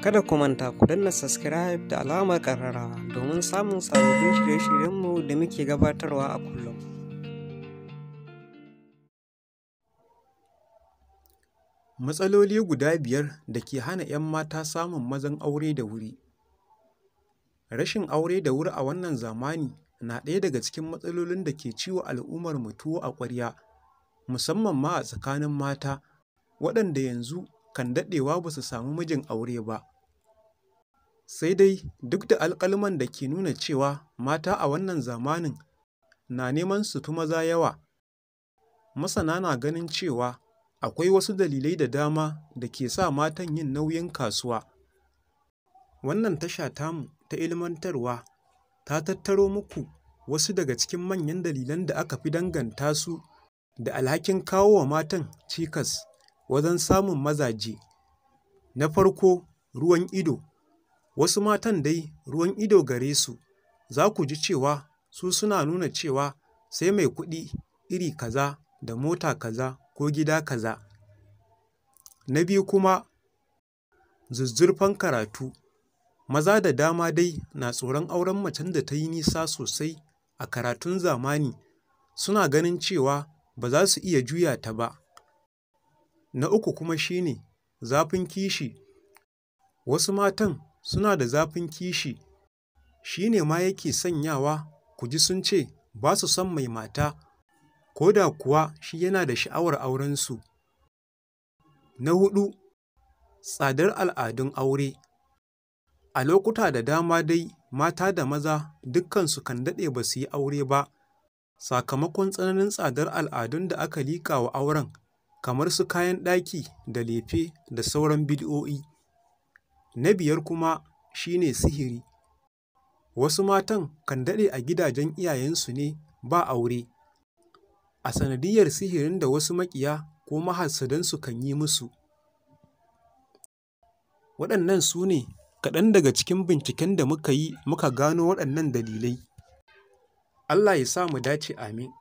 Kada ku manta ku danna subscribe da alamar ƙararrawa domin samun sababbin shirye-shiryenmu da muke gabatarwa a kullum. Matsaloli guda biyar da ke hana ‘yan mata samun mazan aure da wuri. Rashin aure da wuri a wannan zamani na ɗaya daga cikin matsalolin da ke ciwo al'ummar mu a ƙwarya, musamman ma a tsakanin mata, waɗanda yanzu kan daɗewa ba su samu mijin aure ba. Sai dai duk da alƙalman da ke nuna cewa mata a wannan zamanin na neman su fi maza yawa, masana na ganin cewa akwai wasu dalilai da dama da ke sa matan yin nauyin kasuwa. Wannan tasha tamu ta ilmantarwa ta tattaro muku wasu daga cikin manyan dalilan da aka fi danganta su da alhakin kawo wa matan cikas. wajen samun mazaje. Na farko, ruwan ido, wasu matan dai ruwan ido gare su, za ku ji cewa su suna nuna cewa sai mai kuɗi iri kaza da mota kaza ko gida kaza. Na biyu kuma, zuzzurfan karatu, maza da dama dai na tsoron auren macen da ta yi nisa sosai a karatun zamani, suna ganin cewa ba za su iya juya ta ba. Na uku kuma shi ne zafin kishi, wasu matan suna da zafin kishi, shi ne ma yake sanyawa ku ji sun ce ba su son mai mata ko da kuwa shi yana da sha'awar aurensu. Na hudu. tsadar al'adun aure. A lokuta da dama dai mata da maza dukkansu kan daɗe ba su yi aure ba, sakamakon tsananin tsadar al'adun da aka liƙa wa auren kamar su kayan ɗaki da lefe da sauran bid'o'i. Na biyar kuma shi ne sihiri. Wasu matan kan daɗe a gidajen iyayensu ne ba aure, a sanadiyar sihirin da wasu maƙiya ko mahassadansu kan yi musu. Waɗannan su ne kaɗan daga cikin binciken da muka yi muka gano waɗannan dalilai. Allah ya sa mu dace amin.